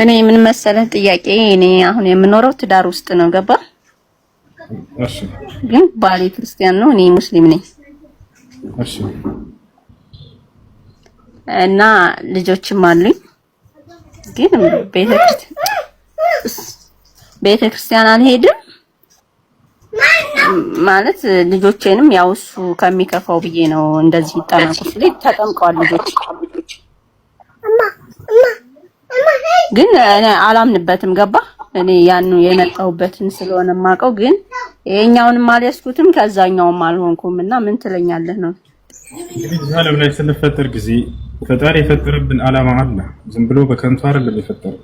እኔ ምን መሰለህ ጥያቄ እኔ አሁን የምኖረው ትዳር ውስጥ ነው ገባ ግን ባሌ ክርስቲያን ነው፣ እኔ ሙስሊም ነኝ። እና ልጆችም አሉኝ። ግን ቤተ ክርስቲያን አልሄድም ማለት ልጆቼንም ያው እሱ ከሚከፋው ብዬ ነው እንደዚህ ይጠመቁ ስለዚህ ተጠምቀዋል ልጆች ግን እኔ አላምንበትም። ገባ እኔ ያን የነቃሁበትን ስለሆነ ማቀው ግን ይሄኛውንም አልያዝኩትም ከዛኛውም አልሆንኩም እና ምን ትለኛለህ ነው እንግዲህ ዓለም ላይ ስንፈጠር ጊዜ ፈጣሪ የፈጠረብን አላማ አለ። ዝም ብሎ በከንቱ አይደለም የፈጠረው።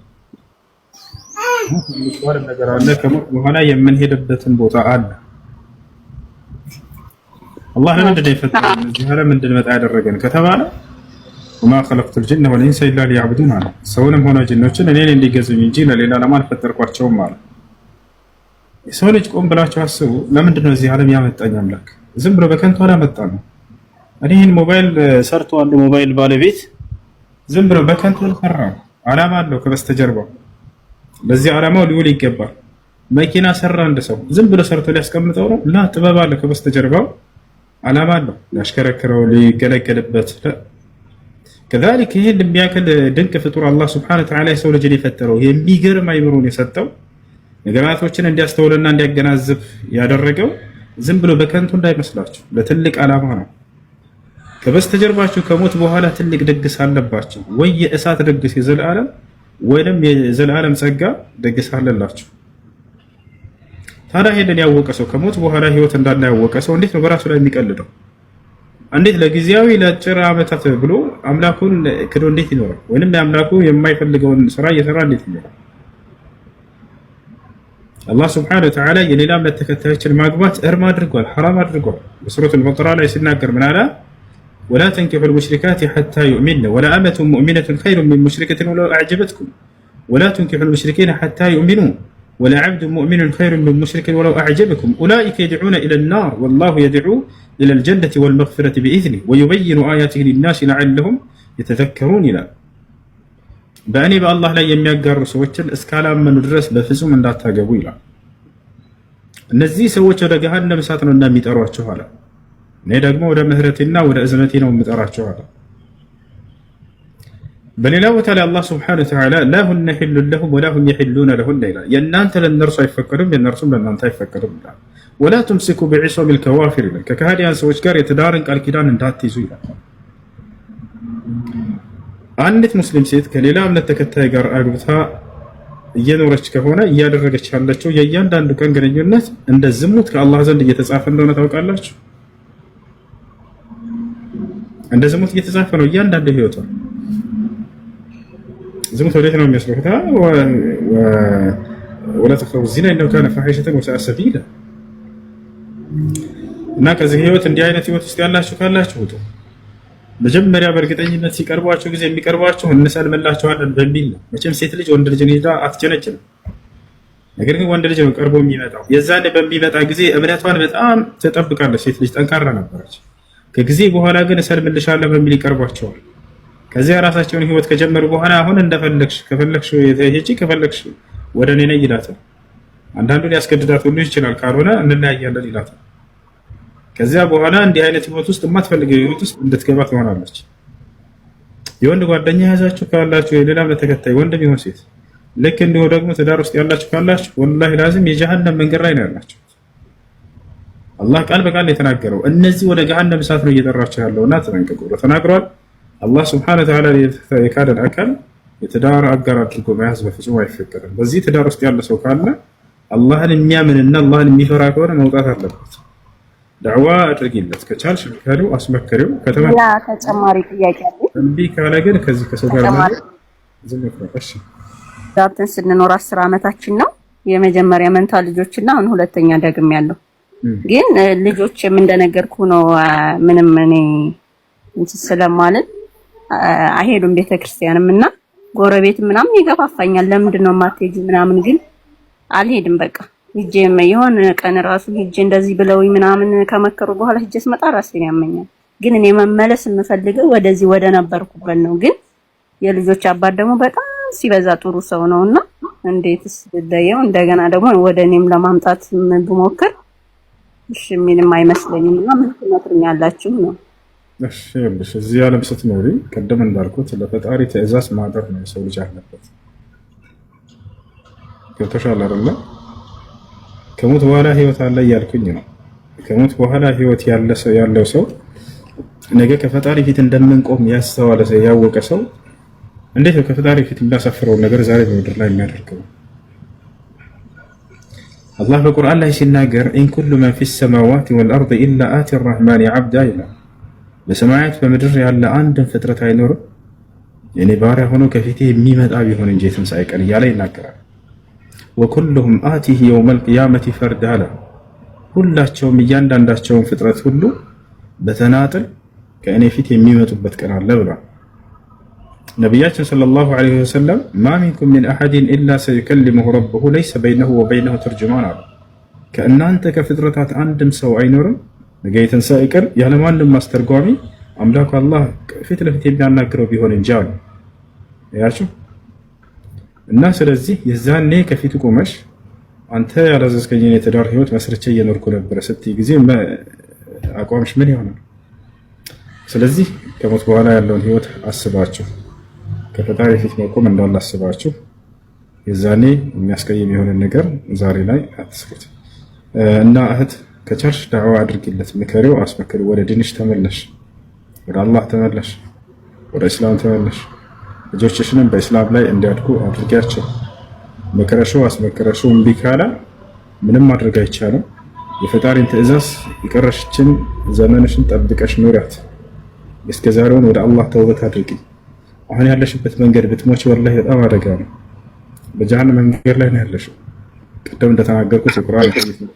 ነገር አለ ከሞት በኋላ የምንሄድበትን ቦታ አለ። አላህ ለምንድን ነው የፈጠረን? እዚህ ዓለም እንድንመጣ ያደረገን ከተባለ ወማ ኸለቅቱል ጅነ ወልኢንሰ ኢላ ሊያዕቡዱን አለ። ሰውንም ሆነ ጅኖችን እኔን እንዲገዙኝ እንጂ ለሌላ ዓላማ አልፈጠርኳቸውም አለ። የሰው ልጅ ቆም ብላችሁ አስቡ። ለምንድን ነው እዚህ ዓለም ያመጣኝ አምላክ? ዝም ብሎ በከንቱ አላመጣ ነው። እኔ ይህን ሞባይል ሰርቶ አንድ ሞባይል ባለቤት ዝም ብሎ በከንቱ አልሰራም። ዓላማ አለው ከበስተጀርባው። ለዚህ ዓላማው ሊውል ይገባል። መኪና ሰራ አንድ ሰው ዝም ብሎ ሰርቶ ሊያስቀምጠው ነው እና ጥበብ አለው ከበስተጀርባው። ዓላማ አለው ሊያሽከረክረው፣ ሊገለገልበት ከዛሊክ ይህን የሚያክል ድንቅ ፍጡር አላህ ስብሐነ ወተዓላ የሰው ልጅን የፈጠረው የሚገርም አይምሮን የሰጠው ነገራቶችን እንዲያስተውልና እንዲያገናዝብ ያደረገው ዝም ብሎ በከንቱ እንዳይመስላችሁ ለትልቅ ዓላማ ነው። ከበስተጀርባችሁ ከሞት በኋላ ትልቅ ድግስ አለባችሁ። ወይ የእሳት ድግስ የዘላለም ወይንም የዘላለም ጸጋ ድግስ አለላችሁ። ታዲያ ይሄንን ያወቀ ሰው ከሞት በኋላ ህይወት እንዳለ ያወቀ ሰው እንዴት ነው በራሱ ላይ የሚቀልደው? እንዴት ለጊዜያዊ ለአጭር ዓመታት ብሎ አምላኩን ክዶ እንዴት ይኖራል? ወይም የአምላኩ የማይፈልገውን ስራ እየሰራ እንዴት ይኖራል? አላህ ስብሐነሁ ወተዓላ የሌላ እምነት ተከታዮችን ማግባት እርም አድርጓል፣ ሐራም አድርጓል። በሱረቱል በቀራ ላይ ሲናገር ምን አለ? ወላ ተንኪሑል ሙሽሪካት ሐታ ዩእሚን ወላ አመቱን ሙእሚነቱን ኸይሩን ሚን ሙሽሪከቲን ወለው አዕጀበትኩም ወላ ተንኪሑል ሙሽሪኪነ ሐታ ዩእሚኑ ወለዓብዱ ሙእሚኑን ኸይሩን ምን ሙሽሪኪን ወለው አዕጀበኩም ኡላኢከ የድዑነ ኢለናር ወላሁ የድዑ ኢለል ጀነቲ ወልመግፊረቲ ቢኢዝኒ ወዩበይኑ አያቲህ ሊናስ ለዓለሁም የተዘከሩን ይላል። በእኔ በአላህ ላይ የሚያጋሩ ሰዎችን እስካላመኑ ድረስ በፍጹም እንዳታገቡ ይላል። እነዚህ ሰዎች ወደ ገሃነም እሳት ነው እና የሚጠሯቸው አለ። እኔ ደግሞ ወደ ምህረቴና ወደ እዝነቴ ነው የምጠራቸው አለ። በሌላ ቦታ ላይ አላህ ስብሐነ ወተዓላ ላሁነ ሒሉን ለሁም ወላሁም የሒሉነ ለሁነ ይላል። የእናንተ ለእነርሱ አይፈቀዱም፣ የእነርሱም ለእናንተ አይፈቀዱም ይላል። ወላ ቱምሲኩ ቢዒሶሚል ከዋፊር ይላል። ከካህዲያን ሰዎች ጋር የትዳርን ቃል ኪዳን እንዳትይዙ ይላል። አንዲት ሙስሊም ሴት ከሌላ እምነት ተከታይ ጋር አግብታ እየኖረች ከሆነ እያደረገች ያለችው የእያንዳንዱ ቀን ግንኙነት እንደ ዝሙት ከአላህ ዘንድ እየተጻፈ እንደሆነ ታውቃላችሁ። እንደ ዝሙት እየተጻፈ ነው እያንዳንዱ ህይወቷ ዝሙት ወዴት ነው የሚወስደው? ወላ ተቅረቡ ዚና ኢነሁ ካነ ፋሒሸተን ወሰአ ሰቢላ። እና ከዚህ ህይወት እንዲህ አይነት ህይወት ውስጥ ያላችሁ ካላችሁ ውጡ። መጀመሪያ በእርግጠኝነት ሲቀርቧችሁ ጊዜ የሚቀርቧችሁ እንሰልምላቸዋለን በሚል ነው። መቼም ሴት ልጅ ወንድ ልጅን ሄዳ አትጀነጅንም። ነገር ግን ወንድ ልጅ ነው ቀርቦ የሚመጣው። የዛኔ በሚመጣ ጊዜ እምነቷን በጣም ትጠብቃለች። ሴት ልጅ ጠንካራ ነበረች። ከጊዜ በኋላ ግን እሰልምልሻለሁ በሚል ይቀርቧቸዋል። ከዚያ የራሳቸውን ህይወት ከጀመሩ በኋላ አሁን እንደፈለግሽ ከፈለግሽ ሂጂ ከፈለግሽ ወደ እኔ ነይ ይላታል። አንዳንዱ ሊያስገድዳት ሁሉ ይችላል። ካልሆነ እንለያያለን ይላታል። ከዚያ በኋላ እንዲህ አይነት ህይወት ውስጥ የማትፈልገው ህይወት ውስጥ እንድትገባ ትሆናለች። የወንድ ጓደኛ የያዛችሁ ካላችሁ የሌላም ለተከታይ ወንድም ይሁን ሴት ልክ እንዲሁ ደግሞ ትዳር ውስጥ ያላችሁ ካላችሁ ወላሂ ላዚም የጀሃነም መንገድ ላይ ነው ያላችሁ። አላህ ቃል በቃል የተናገረው እነዚህ ወደ ገሃነም እሳት ነው እየጠራቸው ያለው እና ተጠንቀቁ ተናግሯል። አላህ ስብሐነ ወተዓላ የካደን አካል የትዳር አጋር አድርጎ መያዝ በፍጹም አይፈቀድም። በዚህ ትዳር ውስጥ ያለ ሰው ካለ አላህን የሚያምንና አላህን የሚፈራ ከሆነ መውጣት አለበት። ዳዕዋ አድርጊለት ከቻልሽ፣ ምካሪው፣ አስመከሪው። ተጨማሪ ጥያቄ ካለ ግን ከዚህ ከሰው ጋር ዳብተን ስንኖር አስር ዓመታችን ነው። የመጀመሪያ መንታ ልጆችና አሁን ሁለተኛ ደግም ያለው ግን ልጆችም እንደነገርኩ ነው ምንም እኔ ስለማልን አይሄዱም ቤተክርስቲያንም እና ጎረቤት ምናምን ይገፋፋኛል። ለምንድን ነው ማትሄጂ ምናምን ግን አልሄድም በቃ ሂጄ የሆነ ቀን ራሱ ሂጄ እንደዚህ ብለውኝ ምናምን ከመከሩ በኋላ ሂጄ ስመጣ ራሴን ያመኛል። ግን እኔ መመለስ የምፈልገው ወደዚህ ወደ ነበርኩበት ነው። ግን የልጆች አባት ደግሞ በጣም ሲበዛ ጥሩ ሰው ነው እና እንዴትስ ልለየው? እንደገና ደግሞ ወደ እኔም ለማምጣት ብሞክር እሺ ምንም አይመስለኝም እና ምን ትመክሩኛላችሁ ነው ይኸውልሽ እዚህ ዓለም ስትኖሪ ቅድም እንዳልኩት ለፈጣሪ ትዕዛዝ ማደር ነው የሰው ልጅ አለበት። ገብቶሻል አይደለ? ከሞት በኋላ ህይወት አለ እያልኩኝ ነው። ከሞት በኋላ ህይወት ያለው ሰው ነገ ከፈጣሪ ፊት እንደምንቆም ያስተዋለ ሰው ያወቀ ሰው እንዴት ነው ከፈጣሪ ፊት የሚያሳፍረውን ነገር ዛሬ በምድር ላይ የሚያደርገው? አላህ በቁርአን ላይ ሲናገር ኢን ኩሉ መን ፊ ሰማዋት ወልአርድ ኢላ አቲ ራህማን አብዳ ይላል በሰማያት በምድር ያለ አንድን ፍጥረት አይኖርም የኔ ባሪያ ሆኖ ከፊቴ የሚመጣ ቢሆን እንጂ የትንሣኤ ቀን እያለ ይናገራል። ወኩልሁም አቲህ የውመል ቅያመቲ ፈርድ አለ። ሁላቸውም እያንዳንዳቸውን ፍጥረት ሁሉ በተናጥል ከእኔ ፊት የሚመጡበት ቀን አለ ብሏል። ነቢያችን ሰለላሁ ዐለይሂ ወሰለም ማ ሚንኩም ሚን አሐድን ኢላ ሰዩከልሙሁ ረብሁ ለይሰ በይነሁ ወበይነሁ ተርጅማን አሉ። ከእናንተ ከፍጥረታት አንድም ሰው አይኖርም ነገ የትንሣኤ ቀን ያለማንም አስተርጓሚ አላህ ፊት ለፊት የሚያናግረው ቢሆን እንጂ አሉ ያቸው እና ስለዚህ የዛኔ ከፊት ቆመሽ አንተ ያላዘዝከኝን የትዳር ህይወት መስርቼ እየኖርኩ ነበረ ስትይ ጊዜ አቋምሽ ምን ይሆናል? ስለዚህ ከሞት በኋላ ያለውን ህይወት አስባችሁ ከፈጣሪ ፊት መቆም እንዳላስባችሁ የዛኔ የሚያስቀይም የሆነ ነገር ዛሬ ላይ አትስሩት እና እህት ከቻልሽ ዳዕዋ አድርጊለት፣ ምከሪው፣ አስመከሪ። ወደ ድንሽ ተመለሽ፣ ወደ አላህ ተመለሽ፣ ወደ እስላም ተመለሽ። ልጆችሽንም በእስላም ላይ እንዲያድጉ አድርጊያቸው። መከረሽው፣ አስመከረሽው፣ እምቢ ካለ ምንም ማድረግ አይቻልም። የፈጣሪን ትዕዛዝ የቀረሽችን ዘመንሽን ጠብቀሽ ኑሪያት። እስከ ዛሬውን ወደ አላህ ተውበት አድርጊ። አሁን ያለሽበት መንገድ ብትሞች ወላሂ በጣም አደጋ ነው። በጀሃነም መንገድ ላይ ነው ያለሽው። ቅድም እንደተናገርኩት የቁርአን